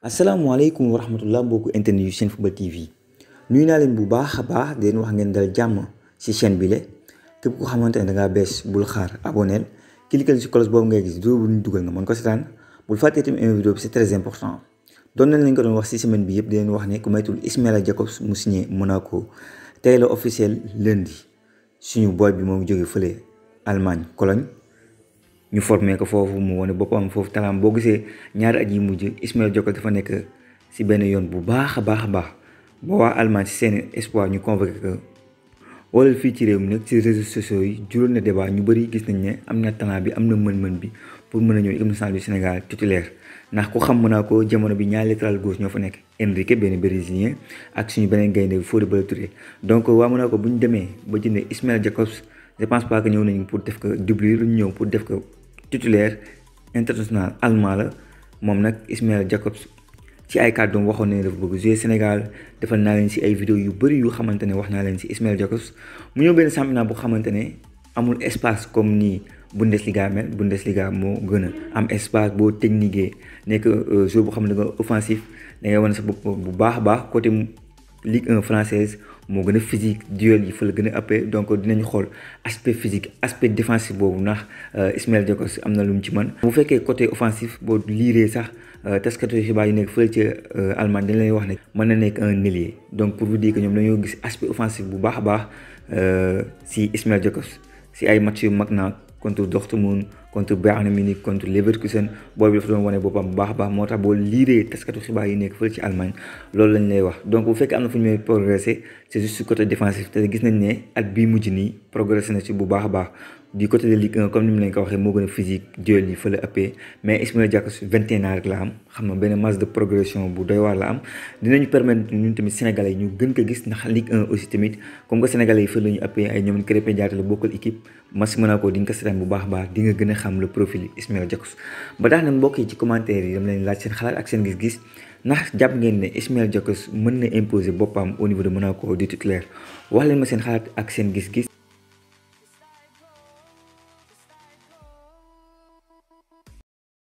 assalamualaikum warahmatullahi wabarakatuh entertainment yusin football tv nuy na len bu baax baax den wax ngeen dal jamm ci chaîne bi le kep ko xamantene da nga bes bul xaar abonel clickal ci cloche bobu ngay gis do bu duggal nga kan man ko setan bul fatte tim une vidéo c'est très important don nañ lañ ko don wax ci semaine bi yeb den wax ne ku maytul ismaila jacobs mu signé monaco tay la officiel lundi suñu boy bi mo ngi joge fele allemagne cologne ñu formé ko foofu mu wane boppam foofu talaam boo gisee ñaari at yi mujj Ismail Jokko dafa nekk si benn yoon bu baax a baax a baax ba waa Allemagne si seen espoir ñu convoqué ko wala fii ci réew mu nag si réseaux sociaux yi juróon na débat ñu bëri gis nañ ne am na talent bi am na mën-mën bi pour mën a ñëw équipe nationale du Sénégal titulaire ndax ku xam Monaco jamono bi ñaari latéral gauche ñoo fa nekk Enrique benn brésilien ak suñu beneen gaynde Fodé Ballo-Touré donc waa Monaco bu ñu demee ba jëndee Ismail Jacobs je pense ñëw nañ pour def ko doublure lu ñëw pour def ko titulaire international allemand la moom nag Ismail Jacobs ci ay kàddoom waxoon nañu dafa bëgg jouer Sénégal defal naa leen si ay vidéo yu bëri yu xamante ne wax naa leen si Ismail Jacobs mu ñëw benn championnat bu xamante ne amul espace comme nii Bundesliga mel Bundesliga moo gën a am espace boo technique nekk euh, joueur bu xam ne nga wane sa bu baax baax côté Ligue 1 française moo gën a physique duel yi fa la gën a ëppee donc dinañu xool aspect physique aspect défensif boobu ndax euh, Ismaël Jakobs am na lu mu ci mën bu fekkee côté offensif boo liiree sax euh, taskatu xibaar yi nekk fële ci euh, Allemagne dañ lay wax ne mën na nekk un ailier donc pour vous dire que ñoom dañoo gis aspect offensif bu baax a baax si Ismaël Jakobs si ay match yu mag naa contre Dortmund contre Bayern Munich contre Leverkusen booy bi dafa doon wane boppam baax baax moo tax boo liiree taskatu xibaar yi nekk fële ci Allemagne loolu lañ lay wax donc bu fekkee am na fu ñu may progressé c'est juste côté défensif te gis nañ ne at bii mujj nii progressé na ci bu baax a baax du côté de Ligue 1 comme ni mu leen ko waxee moo gën physique duel yi fële ëppee mais Ismaël Diacko 21 ans rek la am xam nga benn masse de progression bu doy waar la am dinañu permettre ñun tamit sénégalais ñu gën ko gis ndax Ligue 1 aussi tamit comme que sénégalais yi fële la ñu ëppee ay ñoom Krépin Diatta la équipe match Monaco di nga ko seetaan bu baax a baax di nga gën xam le profil Ismaël Diacko ba tax na mbokk yi ci commentaires. yi dama leen laaj seen xalaat ak seen gis-gis ndax jàpp ngeen ne Ismaila Diacko mën na imposer boppam au niveau de Monaco di titulaire wax leen ma seen xalaat ak seen gis-gis